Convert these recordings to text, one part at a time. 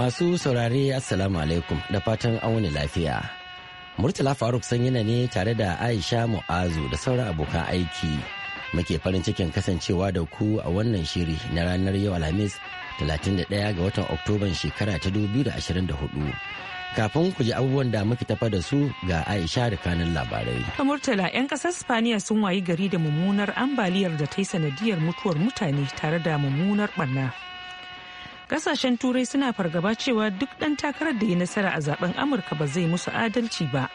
Masu saurare Assalamu alaikum da fatan an wani lafiya. Murtala Faruk yana ne tare da Aisha Mu'azu da sauran abokan aiki. Muke farin cikin kasancewa da ku a wannan shiri na ranar yau Alhamis 31 ga watan Oktoban shekara ta 2024. Kafin ku ji abubuwan da muke tafa da su ga Aisha da kanin labarai. A Murtala 'yan kasar Spaniya sun wayi gari da mummunar ambaliyar da ta yi sanadiyar mutuwar mutane tare da mummunar barna. kasashen turai suna fargaba cewa duk dan takarar da ya nasara a zaben amurka ba zai musu adalci ba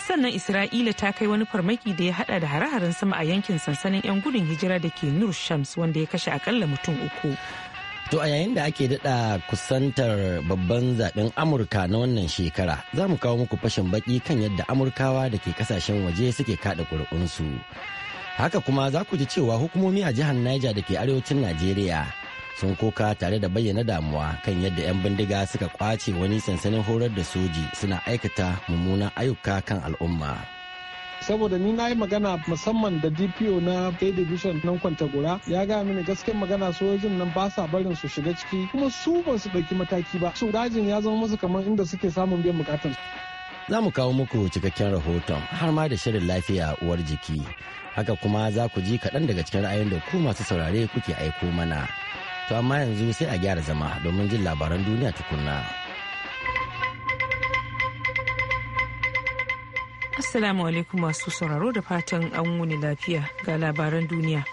sannan isra'ila ta kai wani farmaki da ya hada da hare-haren sama a yankin sansanin 'yan gudun hijira da ke nur shams wanda ya kashe akalla mutum uku to a yayin da ake dada kusantar babban zaben amurka na wannan shekara za mu kawo muku fashin baki kan yadda amurkawa da ke kasashen waje suke kada ƙuri'unsu haka kuma za ku ji cewa hukumomi a jihar niger da ke arewacin najeriya sun kuka tare da bayyana damuwa kan yadda 'yan bindiga suka kwace wani sansanin horar da soji suna aikata mummunan ayyuka kan al'umma. saboda ni na yi magana musamman da dpo na a division nan kwantagura ya gaya mini gaskiyar magana sojojin nan ba sa barin su shiga ciki kuma su ba su ɗauki mataki ba su dajin ya zama musu kamar inda suke samun biyan bukatan za mu kawo muku cikakken rahoton har ma da shirin lafiya uwar jiki haka kuma za ku ji kaɗan daga cikin ra'ayin da ku masu saurare kuke aiko mana To amma yanzu sai a gyara zama domin jin labaran duniya tukunna. Assalamu alaikum masu sauraro da fatan an wuni lafiya ga labaran duniya.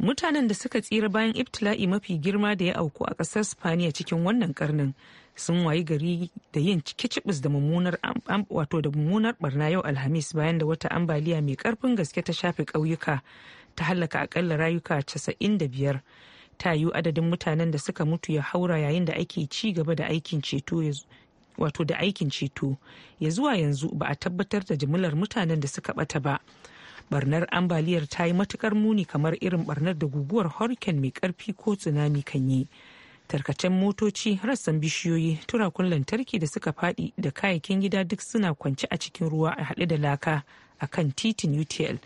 Mutanen da suka tsira bayan ibtila'i mafi girma da ya auku a ƙasar Spaniya cikin wannan karnin sun wayi gari da yin kicibis da mummunar wato da mummunar barna yau Alhamis bayan da wata ambaliya mai ƙarfin gaske ta shafe ƙauyuka ta hallaka aƙalla rayuka 95. ta yiwu adadin mutanen da suka mutu ya haura yayin da ake ci gaba da aikin ceto wato da aikin ceto ya zuwa yanzu ba a tabbatar da jimlar mutanen da suka bata ba barnar ambaliyar ta yi matukar muni kamar irin barnar da guguwar hurricane mai karfi ko tsunami kan yi tarkacen motoci rassan bishiyoyi turakun lantarki da suka fadi da kayayyakin gida duk suna kwance a cikin ruwa a haɗe da laka a kan titin utl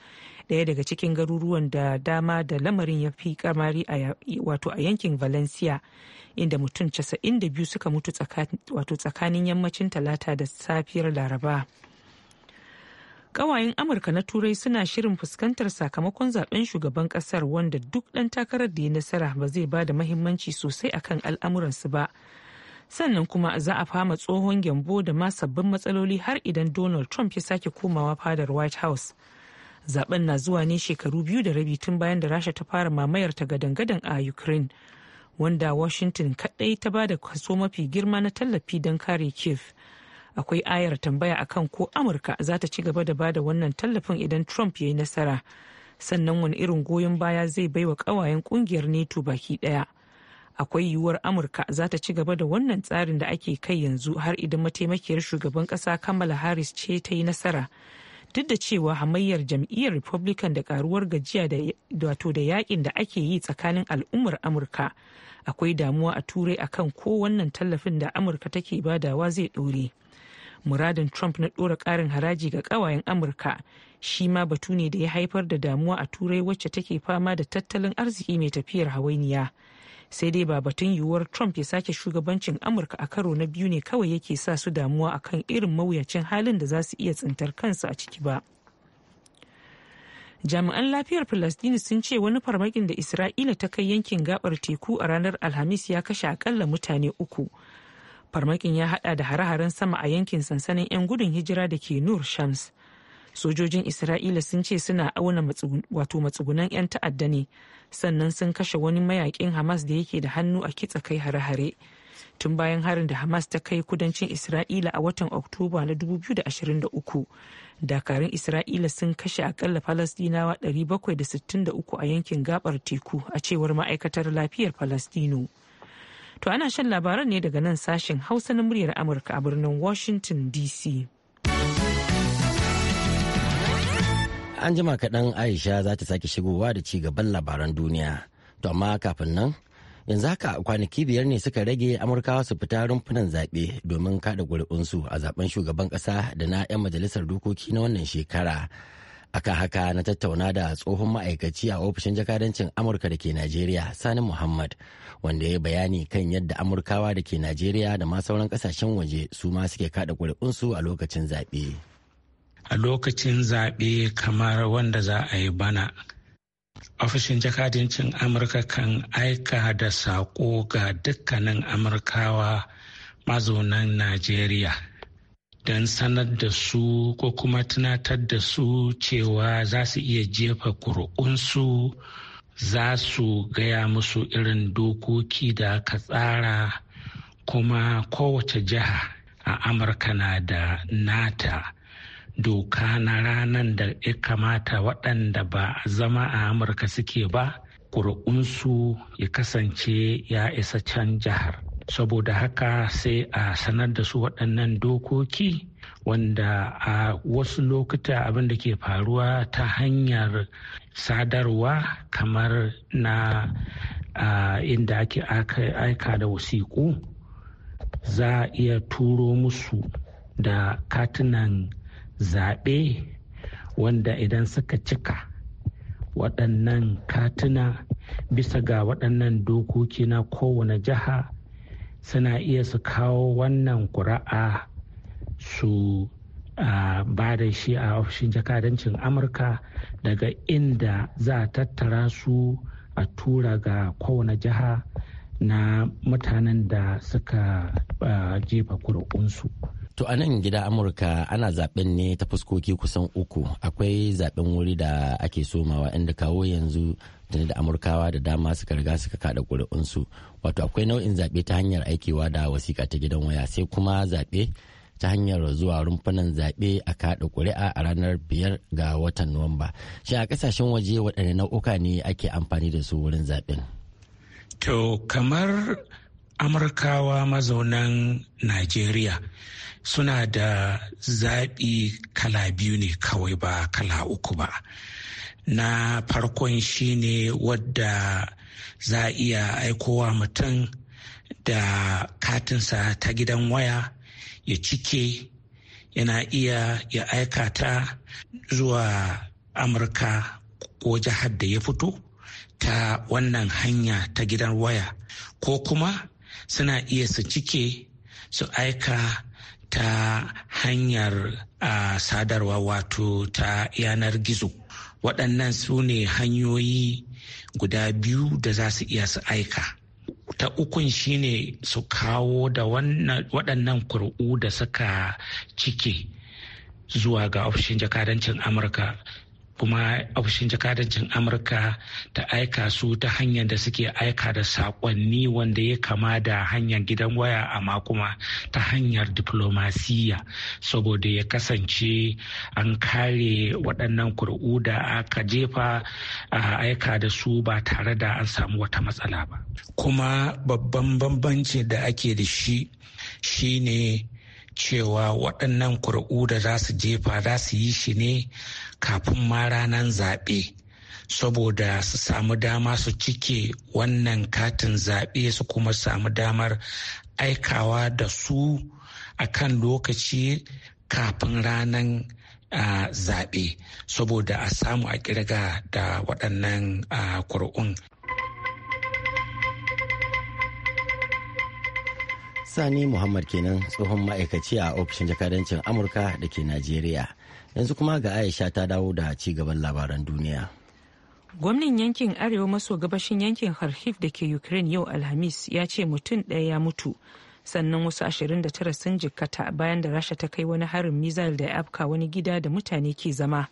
daya daga cikin garuruwan da dama da lamarin ya fi kamari a a yankin valencia inda mutum 92 suka mutu tsakanin yammacin talata da safiyar laraba kawayen amurka na turai suna shirin fuskantar sakamakon zaben shugaban kasar wanda duk dan takarar da ya nasara ba zai ba da mahimmanci sosai akan al'amuransu ba sannan kuma za a fama tsohon gyambo da ma sabbin matsaloli har idan donald trump ya sake komawa fadar white house zaben na zuwa ne shekaru biyu da rabi tun bayan da rasha ta fara mamayar ta gadan-gadan a ukraine wanda washington kadai ta ba da kaso mafi girma na tallafi don kare kiev akwai ayar tambaya akan ko amurka za ta ci gaba da ba da wannan tallafin idan trump ya yi nasara sannan wani irin goyon baya zai bai wa kawayen kungiyar neto baki daya akwai yiwuwar amurka za ta ci gaba da wannan tsarin da ake kai yanzu har idan mataimakiyar shugaban kasa kamala harris ce ta yi nasara duk da cewa hamayyar jam'iyyar republican da karuwar gajiya da wato da yakin da ake yi tsakanin al'ummar amurka akwai damuwa a turai akan ko wannan tallafin da amurka take badawa zai ɗore muradin trump na ɗora ƙarin haraji ga ƙawayen amurka shi ma batu ne da ya haifar da damuwa a turai wacce take fama da tattalin arziki mai tafiyar hawainiya sai dai ba batun yiwuwar trump ya sake shugabancin amurka a karo na biyu ne kawai yake sa su damuwa akan irin mawuyacin halin da za su iya tsintar kansu a ciki ba jami'an lafiyar palestine sun ce wani farmakin da isra'ila ta kai yankin gabar teku a ranar alhamis ya kashe akalla mutane uku farmakin ya hada da hare-haren sama a yankin sansanin 'yan gudun hijira da ke nur shams sojojin isra'ila sun ce suna auna wato matsugunan 'yan ta'adda ne sannan sun kashe wani mayakin hamas da yake da hannu a kitsa kai hare-hare tun bayan harin da hamas ta kai kudancin isra'ila a watan oktoba na 2023 dakarun isra'ila sun kashe akalla falastinawa 763 a yankin gabar teku a cewar ma'aikatar lafiyar falastino to ana shan labaran ne daga nan sashen hausa na muryar amurka a birnin washington dc An jima kaɗan Aisha za ta sake shigowa da ci gaban labaran duniya. To amma kafin nan, yanzu haka kwanaki biyar ne suka rage Amurkawa su fita rumfunan zaɓe domin kaɗa ƙuri'unsu a zaben shugaban ƙasa da na 'yan majalisar dokoki na wannan shekara. Aka haka na tattauna da tsohon ma'aikaci a ofishin jakadancin Amurka da ke Najeriya Sani Muhammad wanda ya bayani kan yadda Amurkawa da ke Najeriya da ma sauran kasashen waje su ma suke kaɗa ƙuri'unsu a lokacin zaɓe. a lokacin zaɓe kamar wanda za a yi bana ofishin jakadancin amurka kan aika da saƙo ga dukkanin amurkawa mazaunan najeriya don sanar da su ko kuma tunatar da su cewa za su iya jefa ƙuri'unsu za su gaya musu irin dokoki da aka tsara kuma kowace jiha a amurka na da nata doka na ranar da ya kamata waɗanda ba a zama a amurka suke ba ƙuri'unsu ya kasance ya isa can jihar saboda haka sai a sanar da su waɗannan dokoki wanda a wasu lokuta abin da ke faruwa ta hanyar sadarwa kamar na inda ake aika da wasiƙu za a iya turo musu da katunan zaɓe wanda idan suka cika waɗannan katuna bisa ga waɗannan dokoki na kowane jiha suna iya su kawo wannan ƙuri'a su ba da shi a ofishin jakadancin amurka daga inda za a tattara su a tura ga kowane jiha na mutanen da suka jefa ƙuri'unsu. To a nan gida Amurka ana zaben ne ta fuskoki kusan uku akwai zaben wuri da ake somawa inda kawo yanzu tuni da Amurkawa da dama suka riga suka kada ƙuri'unsu wato akwai nau'in zaɓe ta hanyar aikewa da wasiƙa ta gidan waya sai kuma zaɓe ta hanyar zuwa rumfunan zaɓe a kaɗa ƙuri'a a ranar biyar ga watan Nuwamba. Shi a ƙasashen waje waɗanne nau'uka ne ake amfani da su wurin zaɓen? To kamar amurkawa mazaunan najeriya suna da zaɓi kala biyu ne kawai ba kala uku ba na farkon shine wadda za a iya aikowa mutum da katinsa ta gidan waya ya cike yana iya ya aika ta zuwa amurka ko jihar da ya fito ta wannan hanya ta gidan waya ko kuma suna iya su cike su aika ta hanyar uh, sadarwa wato ta yanar gizo waɗannan su ne hanyoyi guda biyu da za su iya su aika ta ukun shine su kawo da waɗannan kur'u da suka cike zuwa ga ofishin jakadancin amurka kuma ofishin jakadancin amurka ta aika su ta hanyar da suke aika da sakonni wanda ya kama da hanyar gidan waya amma kuma ta hanyar diplomasiya saboda ya kasance an kare waɗannan kuri'u da aka jefa a aika da su ba tare da an samu wata matsala ba kuma babban bambanci da ake da shi shine cewa waɗannan kuri'u da za su jefa za su yi shi ne kafin ma ranar zaɓe saboda su samu dama su cike wannan katin zaɓe su kuma samu damar aikawa da su a kan lokaci kafin ranar uh, zaɓe saboda a samu a ƙirga da waɗannan uh, Sani Muhammad kenan tsohon ma'aikaci a ofishin jakadancin Amurka da ke Najeriya. yanzu kuma ga aisha ta dawo da ci gaban labaran duniya gwamnan yankin arewa maso gabashin yankin kharkiv da ke ukraine yau alhamis ya ce mutum ɗaya ya mutu sannan wasu 29 sun jikkata bayan da rasha ta kai wani harin mizal da ya afka wani gida da mutane ke zama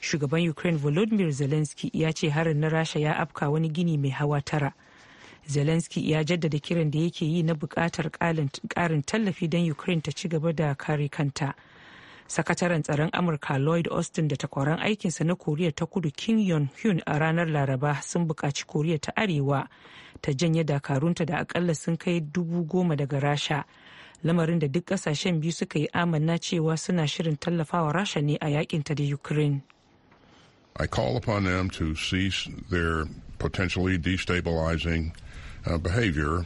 shugaban ukraine volodymyr zelensky ya ce harin na rasha ya afka wani gini mai hawa tara zelensky ya jaddada kiran da yake yi na bukatar karin tallafi don ukraine ta ci gaba da kare kanta sakataren tsaron amurka lloyd austin da takwaran aikinsa na koriya ta kudu kim yon hyun a ranar laraba sun buƙaci koriya ta arewa ta janye dakarunta da akalla sun kai dubu goma daga rasha lamarin da duk ƙasashen biyu suka yi amanna cewa suna shirin tallafawa rasha ne a yakinta da ukraine I call upon them to cease their potentially destabilizing uh, behavior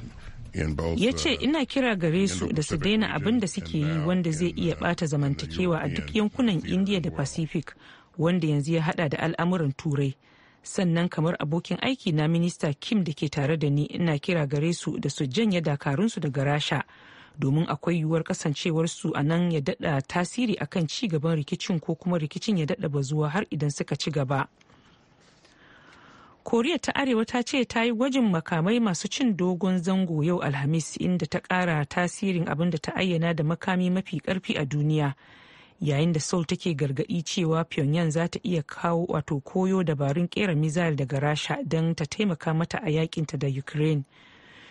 ya ce uh, ina kira gare su da su daina abin da suke yi wanda zai iya bata uh, zamantakewa a duk yankunan indiya da pacific wanda yanzu ya hada da al'amuran turai sannan kamar abokin aiki na minista kim da ke tare da ni ina kira gare su da su janye dakarunsu daga rasha domin akwai yiwuwar kasancewarsu a nan ya dada tasiri akan ci gaban rikicin ko kuma rikicin ya dada bazuwa har idan suka ci gaba. koriya ta arewa ta ce ta yi gwajin makamai masu cin dogon zango yau alhamis inda ta kara tasirin abin da ta ayyana da makami mafi karfi a duniya yayin da seoul take gargadi cewa pyongyang za ta iya kawo wato koyo dabarun kera mizal daga rasha don ta taimaka mata a yakinta da ukraine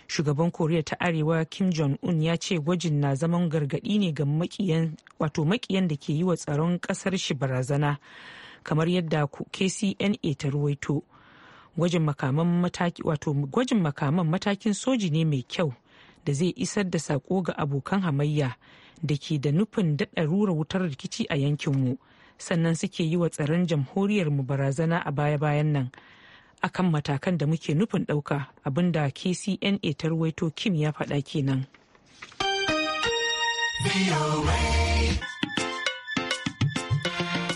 shugaban koriya ta arewa kim jong un ya ce gwajin na zaman gargadi ne ga wato makiyan da ke yi wa tsaron kasar shi barazana kamar yadda kcna ta ruwaito gwajin makaman mataki wato gwajin makaman matakin soji ne mai kyau da zai isar da sako ga abokan hamayya da ke da nufin daɗa rura wutar rikici a yankinmu sannan suke yi wa tsaron jamhuriyar mu barazana a baya-bayan nan akan matakan da muke nufin ɗauka abinda kcna ta ruwaito kim ya faɗa kenan.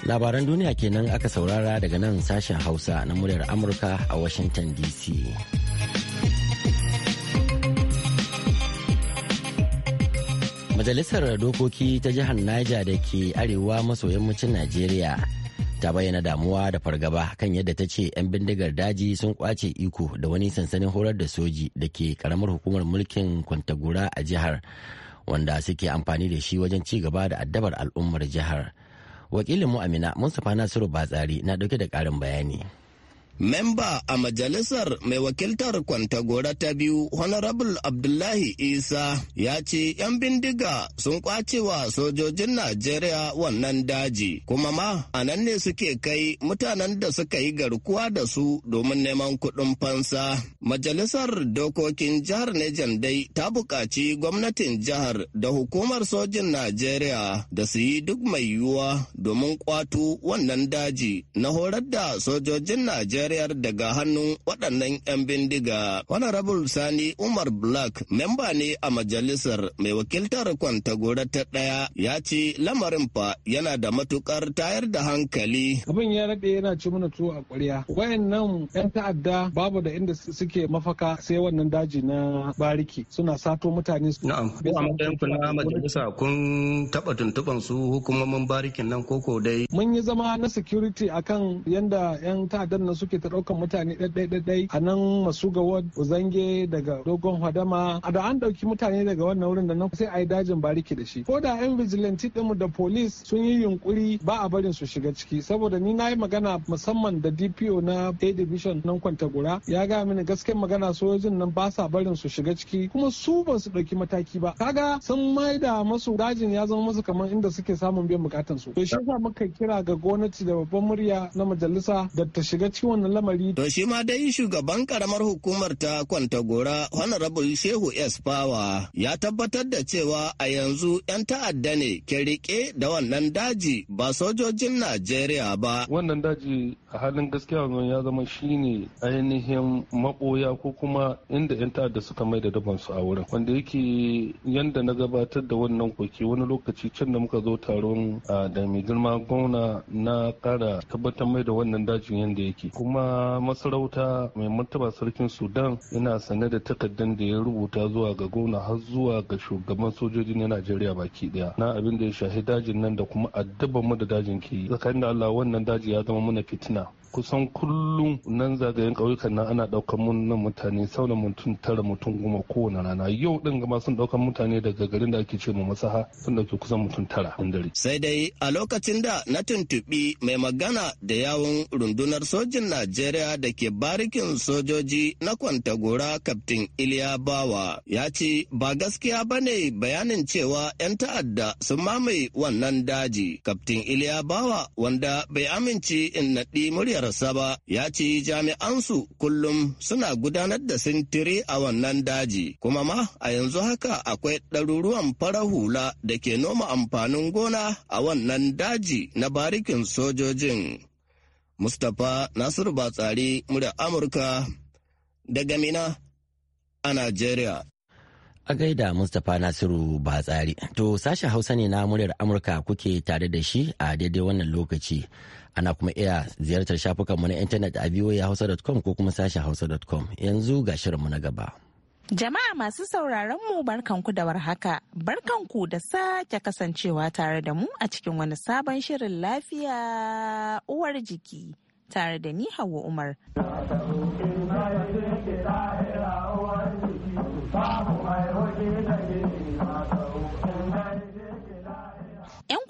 labaran duniya kenan aka saurara daga nan sashen hausa na muryar amurka a washington dc majalisar dokoki ta jihar niger da ke arewa maso yammacin nigeria ta bayyana damuwa da fargaba kan yadda ta ce 'yan bindigar daji sun kwace iko da wani sansanin horar da soji da ke karamar hukumar mulkin kwantagura a jihar wanda suke amfani da shi wajen ci gaba da addabar al'ummar jihar wakilin mu amina mustapha nasiru batsari na dauke da karin bayani Memba a majalisar mai wakiltar Kwantagora ta biyu, Honorable Abdullahi Isa ya ce 'yan bindiga sun kwacewa sojojin Najeriya wannan daji, kuma ma a nan ne suke kai mutanen da suka yi garkuwa da su domin neman kuɗin fansa. Majalisar dokokin jihar Nejan dai ta buƙaci gwamnatin jihar da hukumar sojin Najeriya da su yi duk mai yiwuwa domin kwato wannan daji na horar da sojojin Najeriya. shari'ar daga hannun waɗannan 'yan bindiga. Honorable Sani Umar Black, memba ne a majalisar mai wakiltar Kwantagora ta ɗaya, ya ce lamarin fa yana da matukar tayar da hankali. Abin ya daɗe yana ci mana tuwo a ƙwarya. Wayannan 'yan ta'adda babu da inda suke mafaka sai wannan daji na bariki suna sato mutane. Na'am, ko a matsayin na majalisa kun taɓa tuntuɓan su hukumomin barikin nan koko dai. Mun yi zama na security akan yanda 'yan ta'addan nan suke ake ta ɗaukan mutane ɗaiɗaiɗaiɗai a nan masu ga ward uzange daga dogon hadama a da an ɗauki mutane daga wannan wurin da nan sai a yi dajin bariki da shi ko da yan vigilanti ɗinmu da police sun yi yunkuri ba a barin su shiga ciki saboda ni na yi magana musamman da dpo na a division nan gura ya ga mini gaskiyar magana sojojin nan ba sa barin su shiga ciki kuma su ba su ɗauki mataki ba kaga sun mai da masu dajin ya zama masu kamar inda suke samun biyan bukatan su to shi yasa muka kira ga gwamnati da babban murya na majalisa da ta shiga ciwon wannan lamari. To shi ma dai shugaban karamar hukumar ta Kwantagora Honorable Shehu S. Fawa ya tabbatar da cewa a yanzu 'yan ta'adda ne ke rike da wannan daji ba sojojin Najeriya ba. Wannan daji a halin gaskiya wannan ya zama shine ainihin maboya ko kuma inda 'yan ta'adda suka mai da dabansu a wurin. Wanda yake yanda na gabatar da wannan koki wani lokaci can da muka zo taron ah, da mai girma gwamna na kara tabbatar mai da wannan dajin yanda yake. Kuma kuma masarauta mai martaba sarkin sudan yana sane da takardar da ya rubuta zuwa ga gona har zuwa ga shugaban sojoji na najeriya baki daya na abin da ya shahi dajin nan da kuma addaban mu da dajin ke yi tsakanin da allah wannan daji ya zama mana fitina kusan kullum nan zagayen ƙauyukan nan ana ɗaukar mun mutane sau da mutum tara mutum goma kowane rana yau ɗin gama sun ɗaukar mutane daga garin da ake ce ma masaha sun ɗauki kusan mutum tara dare. sai dai a lokacin da na tuntuɓi mai magana da yawun rundunar sojin najeriya da ke barikin sojoji na kwantagora kaftin iliya bawa ya ce ba gaskiya ba ne bayanin cewa 'yan ta'adda sun mamaye wannan daji kaftin iliya bawa wanda bai amince in naɗi muryar ziyararsa ba ya ce jami'ansu kullum suna gudanar da sintiri a wannan daji kuma ma a yanzu haka akwai ɗaruruwan farar hula da ke noma amfanin gona a wannan daji na barikin sojojin. Mustapha Nasiru Batsari murya Amurka daga Mina a nigeria. A gaida Mustapha Nasiru Batsari. To sashen Hausa ne na muryar Amurka kuke tare da shi a daidai wannan lokaci. ana kuma iya ziyartar shafukanmu na intanet a voahausa.com ko kuma sashen hausa.com yanzu ga shirinmu na gaba. Jama'a masu sauraron mu barkanku da warhaka, barkanku da sake kasancewa tare da mu a cikin wani sabon shirin lafiya uwar jiki tare da ni Hauwa Umar.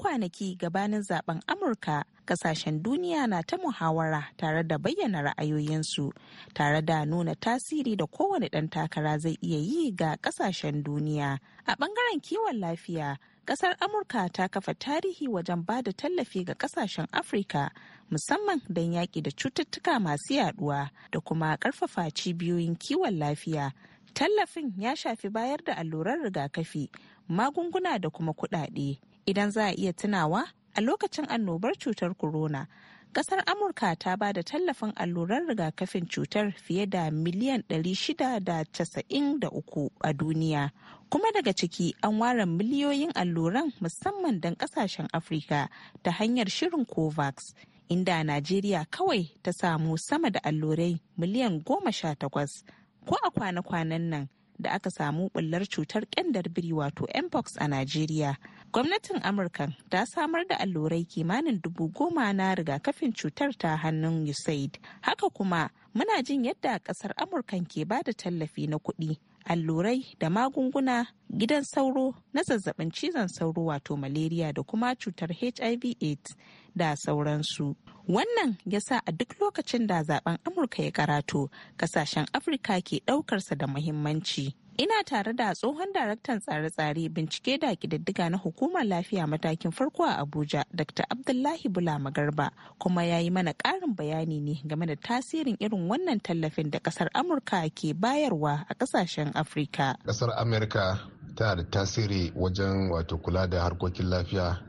kwanaki gabanin zaben Amurka kasashen duniya na ta muhawara tare da bayyana ra'ayoyinsu tare da nuna tasiri da kowane ɗan takara zai iya yi ga kasashen duniya. A ɓangaren kiwon lafiya, ƙasar amurka ta kafa tarihi wajen ba da tallafi ga kasashen afirka musamman don yaƙi da cututtuka masu yaduwa da kuma ƙarfafa cibiyoyin kiwon lafiya tallafin ya shafi bayar da allurar rigakafi magunguna da kuma kuɗaɗe Idan za a iya tunawa, a lokacin annobar cutar corona, kasar Amurka ta ba da tallafin alluran rigakafin cutar fiye da miliyan 693 a duniya. Kuma daga ciki an ware miliyoyin alluran musamman don kasashen Afirka ta hanyar shirin COVAX. Inda Najeriya kawai ta samu sama da allurai miliyan goma sha takwas ko a kwana-kwanan nan da aka samu bullar cutar ƙyandar biri wato mpox a Najeriya gwamnatin amurka ta samar da allurai kimanin dubu goma na rigakafin cutar ta hannun usaid haka kuma muna jin yadda kasar Amurka ke ba da tallafi na kuɗi allurai da magunguna gidan sauro na zazzabin cizon sauro wato malaria da kuma cutar hiv aids da sauransu wannan ya sa a duk lokacin da zaben amurka ya karato kasashen afirka ke ɗaukarsa da muhimmanci ina tare da tsohon daraktan tsare-tsare bincike da kididdiga na hukumar lafiya matakin farko a abuja dr abdullahi bula magarba kuma ya yi mana ƙarin bayani ne game da tasirin irin wannan tallafin da ƙasar amurka ke bayarwa a kasashen afirka ƙasar amurka tana da tasiri wajen wato kula da harkokin lafiya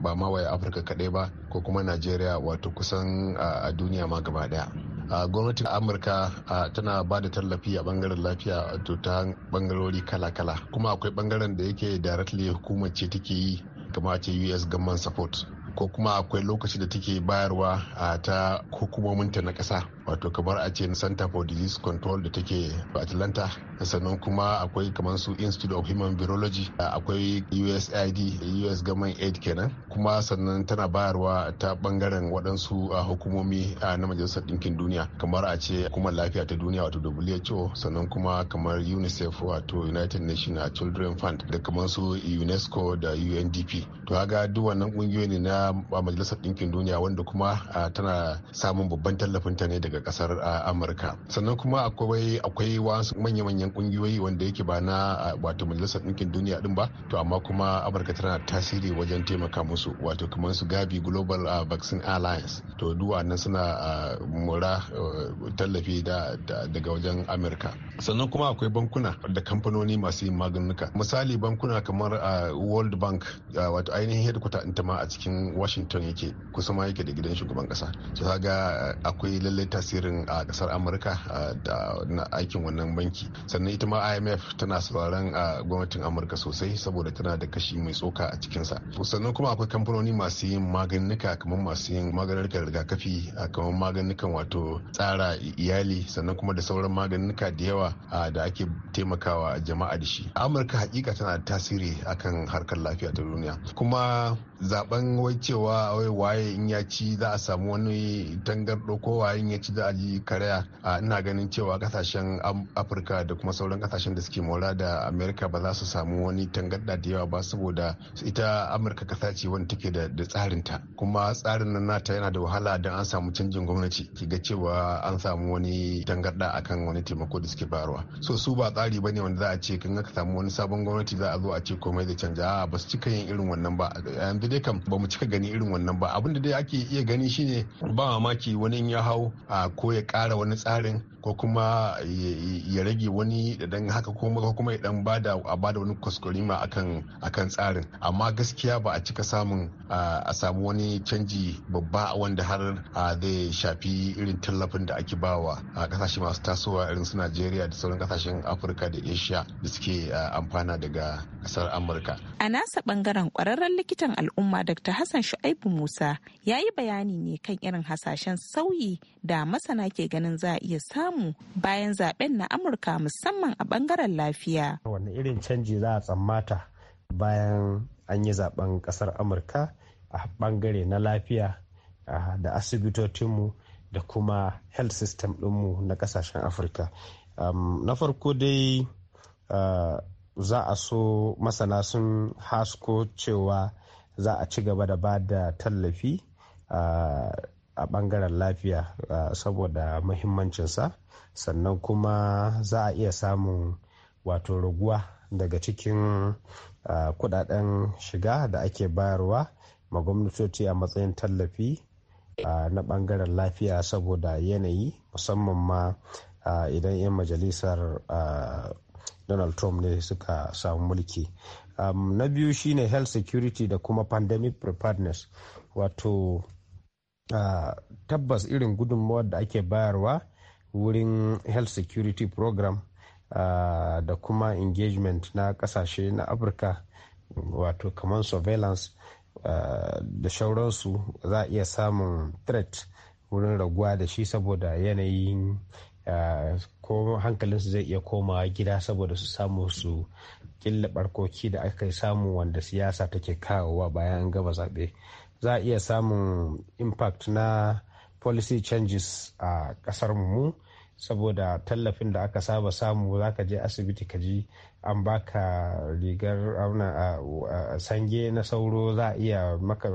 ba ma waya afirka kaɗai ba ko kuma najeriya wato kusan a duniya ma gaba daya gwamnatin amurka tana ba da tallafi a bangaren lafiya ta bangarori kala-kala kuma akwai bangaren da yake directly hukumar ce take yi kamar ce us government support ko kuma akwai lokaci da take bayarwa a ta hukumominta na ƙasa wato kamar a ce center for disease control da take atlanta sannan kuma akwai kamar su institute of human virology akwai usaid us government aid kenan kuma sannan tana bayarwa ta bangaren waɗansu hukumomi na majalisar ɗinkin duniya kamar a ce kuma lafiya ta duniya wato who sannan kuma kamar unicef wato united nations children fund da kamar su unesco da undp to haga duk wannan ƙungiyoyi ne na majalisar ɗinkin duniya wanda kuma tana samun babban tallafin ta ne daga daga kasar amurka sannan kuma akwai wasu manya-manyan kungiyoyi wanda yake ba na wato majalisar ɗinkin duniya din ba to amma kuma amurka tana tasiri wajen taimaka musu wato kamar su gabi global vaccine alliance to duwa nan suna mura tallafi daga wajen amurka sannan kuma akwai bankuna da kamfanoni masu yin maganuka misali bankuna kamar world bank wato ainihin headquarter ta ma a cikin washington yake kusa ma yake da gidan shugaban kasa to kaga akwai lallai tasiri tasirin a kasar amurka da na aikin wannan banki sannan ita ma imf tana sauraron a gwamnatin amurka sosai saboda tana da kashi mai tsoka a cikinsa sannan kuma akwai kamfanoni masu yin maganinuka kamar masu yin maganinka rigakafi kamar maganinukan wato tsara iyali sannan kuma da sauran maganinuka da yawa da ake taimakawa jama'a da shi amurka hakika tana da tasiri akan harkar lafiya ta duniya kuma zaben wai cewa waye in ya ci za a samu wani tangar ko waye in ya ci ci za a ji karaya ina ganin cewa kasashen afirka da kuma sauran kasashen da suke mora da amerika ba za su samu wani tangarda da yawa ba saboda ita amurka kasa ce wani take da tsarin ta kuma tsarin nan nata yana da wahala don an samu canjin gwamnati ki ga cewa an samu wani tangarda akan wani taimako da suke bayarwa so su ba tsari ba ne wanda za a ce kan ka samu wani sabon gwamnati za a zo a ce komai da canja a ba su cika yin irin wannan ba yanzu dai kam ba mu cika gani irin wannan ba abin da dai ake iya gani shine ba mamaki wani in ya hau a ko ya kara wani tsarin ko kuma ya rage wani da haka ko kuma ya dan bada a bada wani kuskurima akan akan tsarin amma gaskiya ba a cika samun a samu wani canji babba wanda har zai shafi irin tallafin da ake bawa a kasashe masu tasowa irin su Najeriya da sauran kasashen Afirka da Asia da suke amfana daga kasar amurka a nasa bangaren kwararren likitan al'umma dr hassan shu'aibu musa ya yi bayani ne kan irin hasashen sauyi da masana ke ganin za a iya samu bayan zaben na amurka musamman a bangaren lafiya wani irin canji za a tsammata bayan an yi zaben kasar amurka a bangare na lafiya da asibitocinmu da kuma health system ɗinmu na kasashen afirka um, na farko dai uh, za a so masana sun hasko cewa za a ci gaba da ba da tallafi a bangaren lafiya saboda muhimmancinsa sannan kuma za a iya samun wato raguwa daga cikin kudaden shiga da ake bayarwa ma gwamnatoci a matsayin tallafi na bangaren lafiya saboda yanayi musamman ma idan 'yan majalisar donald trump ne suka samu mulki um, na biyu shine health security da kuma pandemic preparedness wato uh, tabbas irin gudunmawar da ake bayarwa wurin health security program uh, da kuma engagement na kasashe na afirka wato kamar surveillance uh, da shauransu za a iya samun threat wurin raguwa da shi saboda yanayin ko hankalinsu zai iya komawa gida saboda su samu su killa barkoki da aka samu wanda siyasa take kawowa bayan an gaba zaɓe za a iya samun impact na policy changes a ƙasar mu saboda tallafin da aka saba samu za ka je asibiti ka ji an baka rigar auna a sange na sauro za a iya maka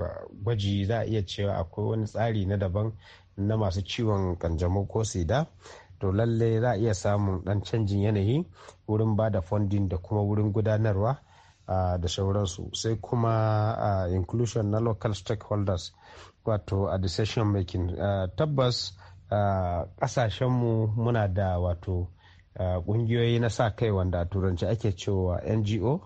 gwaji za a iya cewa akwai wani tsari na daban na masu ciwon kanjamau ko sida to lalle za a iya samun dan canjin yanayi wurin ba da funding da kuma wurin gudanarwa da sauransu sai kuma inclusion na local stakeholders wato a decision making tabbas kasashenmu muna da wato kungiyoyi na sa kai wanda a turanci ake cewa ngo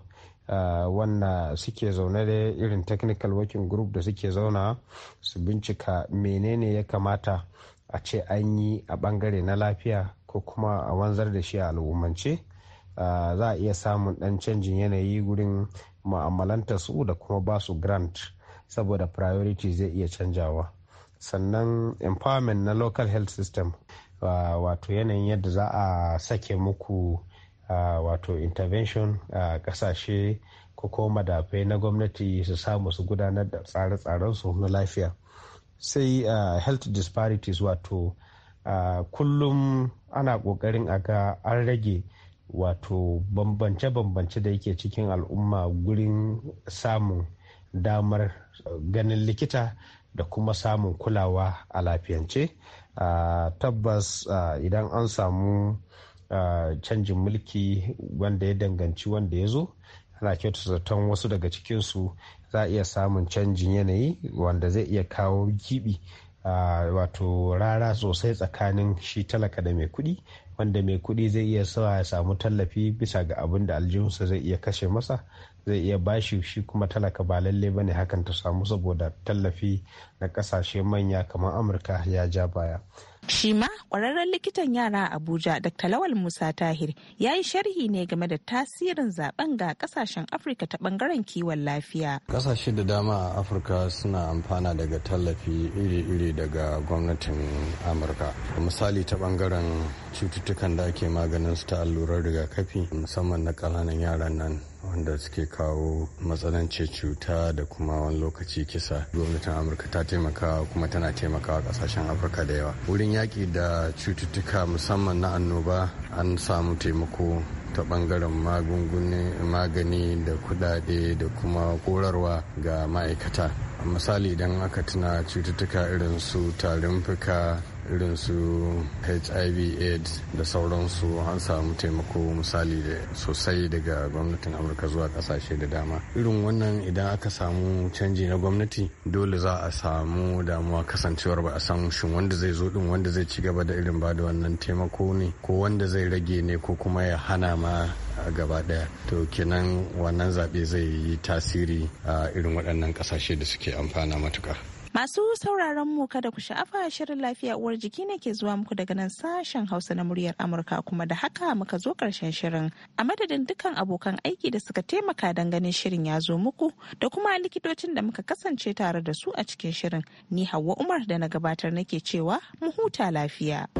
wanda suke zaune da irin technical working group da suke zauna su bincika menene ya kamata a ce an yi a bangare na lafiya ko kuma a wanzar da shi a al'ummance za a iya samun dan canjin yanayi gurin ma'amalanta su da kuma ba su grant saboda priority zai iya canjawa sannan empowerment na local health system wato yanayin yadda za a sake muku wato intervention a kasashe ko kuma madafai na gwamnati su samu su gudanar da tsare su na lafiya sai uh, health disparities wato uh, kullum ana ƙoƙarin a ga an rage wato bambance-bambance da yake cikin al'umma gurin samun damar uh, ganin likita da kuma samun kulawa a lafiyance tabbas idan an samu canjin mulki wanda ya danganci wanda ya zo ana zaton wasu daga cikinsu za a iya samun canjin yanayi wanda zai iya kawo gibi wato rara sosai tsakanin shi talaka da mai kudi wanda mai kudi zai iya sawa ya samu tallafi bisa ga abin da aljihunsa zai iya kashe masa zai iya bashi shi kuma talaka ba lalle ba ne hakan ta samu saboda tallafi na kasashe manya kamar amurka ya ja baya Shi ma ƙwararren likitan yara a Abuja Dr. Lawal Musa Tahir ya yi sharhi ne game da tasirin zaben ga kasashen Afirka ta bangaren kiwon lafiya. Kasashe da dama a Afirka suna amfana daga tallafi iri-iri daga gwamnatin Amurka. Misali ta bangaren cututtukan da ake maganin su ta allurar rigakafi musamman na ƙananan yaran nan wanda suke kawo matsananci cuta da kuma wani lokaci kisa gwamnatin amurka ta taimaka kuma tana taimakawa kasashen afirka da yawa wurin yaƙi da cututtuka musamman na annoba an samu taimako ta bangaren magani da kudade da kuma korarwa ga ma'aikata misali idan aka tuna cututtuka irin su tarin fuka irin su hiv aids da sauransu an samu taimako misali da sosai daga gwamnatin amurka zuwa kasashe da dama irin wannan idan aka samu canji na gwamnati dole za a samu damuwa kasancewar ba a san shin wanda zai zo din wanda zai ci gaba da irin ba da wannan taimako ne ko wanda zai rage ne ko kuma ya hana ma gaba daya to kenan wannan zaɓe zai yi tasiri a irin waɗannan ƙasashe da suke amfana matuƙa Masu sauraron mu kada ku sha'afa shirin lafiya uwar jiki ne ke zuwa muku daga nan sashen Hausa na muryar Amurka kuma da haka muka zo karshen shirin. A madadin dukkan abokan aiki da suka taimaka don ganin shirin ya zo muku da kuma likitocin da muka kasance tare da su a cikin shirin. Ni Hauwa Umar da na gabatar nake cewa mu huta lafiya.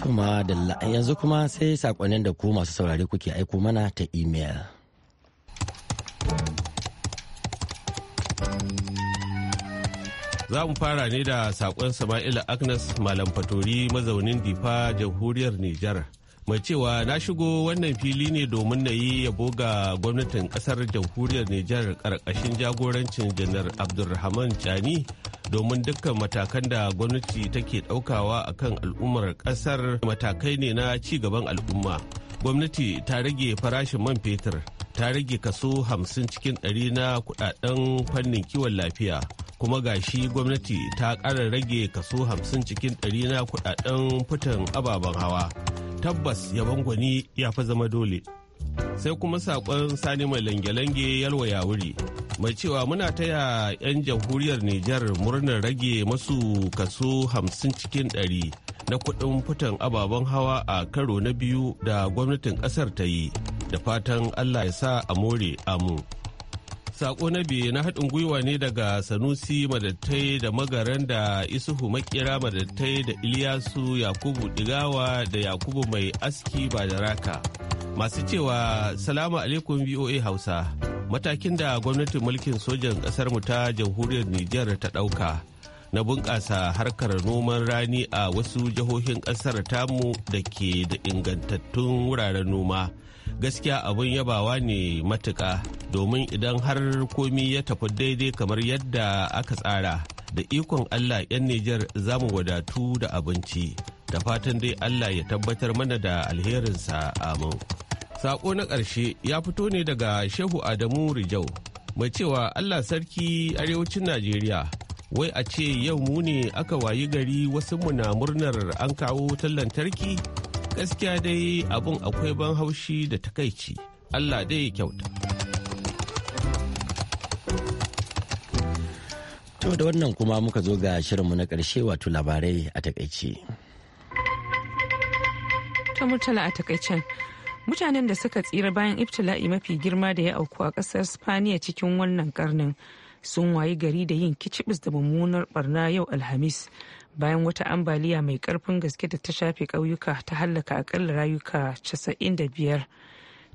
Tuma da yanzu kuma sai sakonnin da ku masu saurare kuke aiko mana ta imel. Za mu fara ne da saƙon Sama'ila Agnes Malam Fatori mazaunin Difa jamhuriyar Nijar. Mai cewa na shigo wannan fili ne domin na yi yabo ga gwamnatin ƙasar jamhuriyar Nijar ƙarƙashin jagorancin janar Abdulrahman Chani domin dukkan matakan da gwamnati take ɗaukawa akan al'ummar ƙasar matakai ne na ci gaban al'umma. gwamnati ta rage farashin man fetur ta rage kaso 50 cikin 100 na kudaden fannin kiwon lafiya kuma gashi gwamnati ta kara rage kaso 50 cikin 100 na kudaden fitan ababen hawa tabbas yaban gwani ya fi zama dole sai kuma saƙon sani mai lange-lange yalwaya wuri mai cewa muna taya 'yan jamhuriyar nijar murnar rage masu kaso 50 cikin 100 na kuɗin fitan ababen hawa a karo na biyu da gwamnatin ƙasar ta yi da fatan allah ya sa a more amu sako na biyu na haɗin gwiwa ne daga sanusi madattai da magaran da isuhu makira madattai da iliyasu yakubu digawa da yakubu mai aski ba da raka masu cewa salamu alaikum voa hausa matakin da gwamnatin mulkin sojan ƙasar mu ta jamhuriyar nijar ta ɗauka na bunƙasa harkar noman rani a wasu jihohin ƙasar tamu da ke da ingantattun wuraren noma gaskiya abun yabawa ne matuƙa domin idan har komi ya tafi daidai kamar yadda aka tsara da ikon allah 'yan nijar za mu wadatu da abinci da fatan dai allah ya tabbatar mana da alherinsa amin sako na ƙarshe ya fito ne daga shehu adamu rijau mai cewa allah sarki arewacin najeriya wai a ce yau mu ne aka wayi gari wasu mu na murnar an kawo wutar lantarki gaskiya dai abun akwai ban haushi da takaici allah dai kyauta to da wannan kuma muka zo ga shirinmu na karshe wato labarai a takaici ta murtala a takaicen mutanen da suka tsira bayan iftila'i mafi girma da ya auku a kasar spaniya cikin wannan karnin sun wayi gari da yin kicibis da mummunar barna yau alhamis bayan wata ambaliya mai karfin gaske da ta shafe ƙauyuka ta hallaka akalla rayuka 95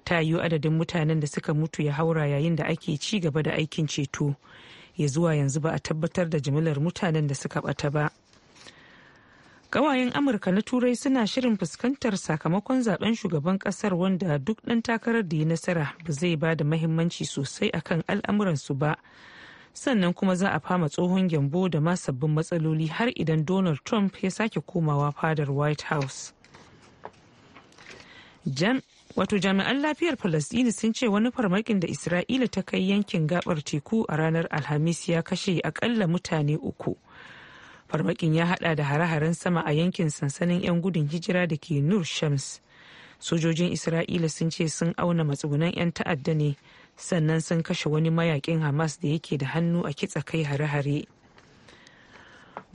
ta yiwu adadin mutanen da suka mutu ya haura yayin da ake ci gaba da aikin ceto ya zuwa yanzu ba a tabbatar da jimilar mutanen da suka bata ba ƙawayen amurka na turai suna shirin fuskantar sakamakon zaben shugaban kasar wanda duk ɗan takarar da ya nasara ba zai ba da mahimmanci sosai akan al'amuransu ba sannan kuma za a fama tsohon gyambo da ma sabbin matsaloli har idan donald trump ya sake komawa fadar white house wato jami'an lafiyar falasdini sun ce wani farmakin da isra'ila ta kai yankin gabar teku a ranar alhamis ya kashe akalla mutane uku farmakin ya hada da hare-haren sama a yankin sansanin 'yan gudun hijira da ke nur shams sojojin isra'ila sun ce sun auna matsugunan 'yan ta'adda ne sannan sun kashe wani mayakin hamas da yake da hannu a kitsa kai hare-hare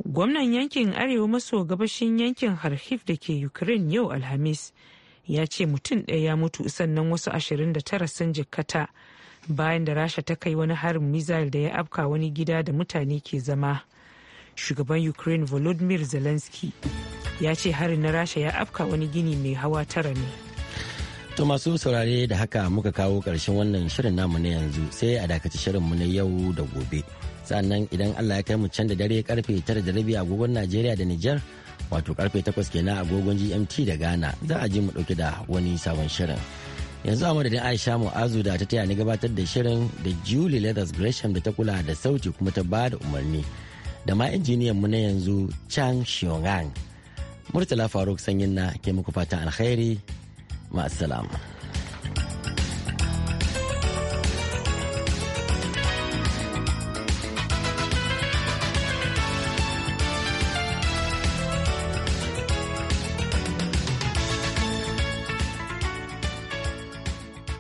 gwamnan yankin arewa maso gabashin yankin harhif da ke ukraine yau alhamis ya ce mutum ɗaya ya mutu sannan wasu 29 sun jikkata bayan da rasha ta kai wani harin mizal da ya afka wani gida da mutane ke zama shugaban ukraine volodymyr zelensky ya ce harin na rasha ya afka wani gini mai hawa tara ne To masu saurare da haka muka kawo ƙarshen wannan shirin namu na yanzu sai a dakaci mu na yau da gobe. Sannan idan Allah ya kai mu can da dare karfe tara da rabi agogon Najeriya da Nijar wato karfe takwas kenan agogon GMT da Ghana za a ji mu ɗauki da wani sabon shirin. Yanzu a madadin Aisha Mu'azu da ta taya ni gabatar da shirin da Julie Leathers Gresham da ta kula da sauti kuma ta ba da umarni da ma injiniyan mu na yanzu Chang Shiongang. Murtala Faruk Sanyin na ke muku fatan alkhairi مع السلامه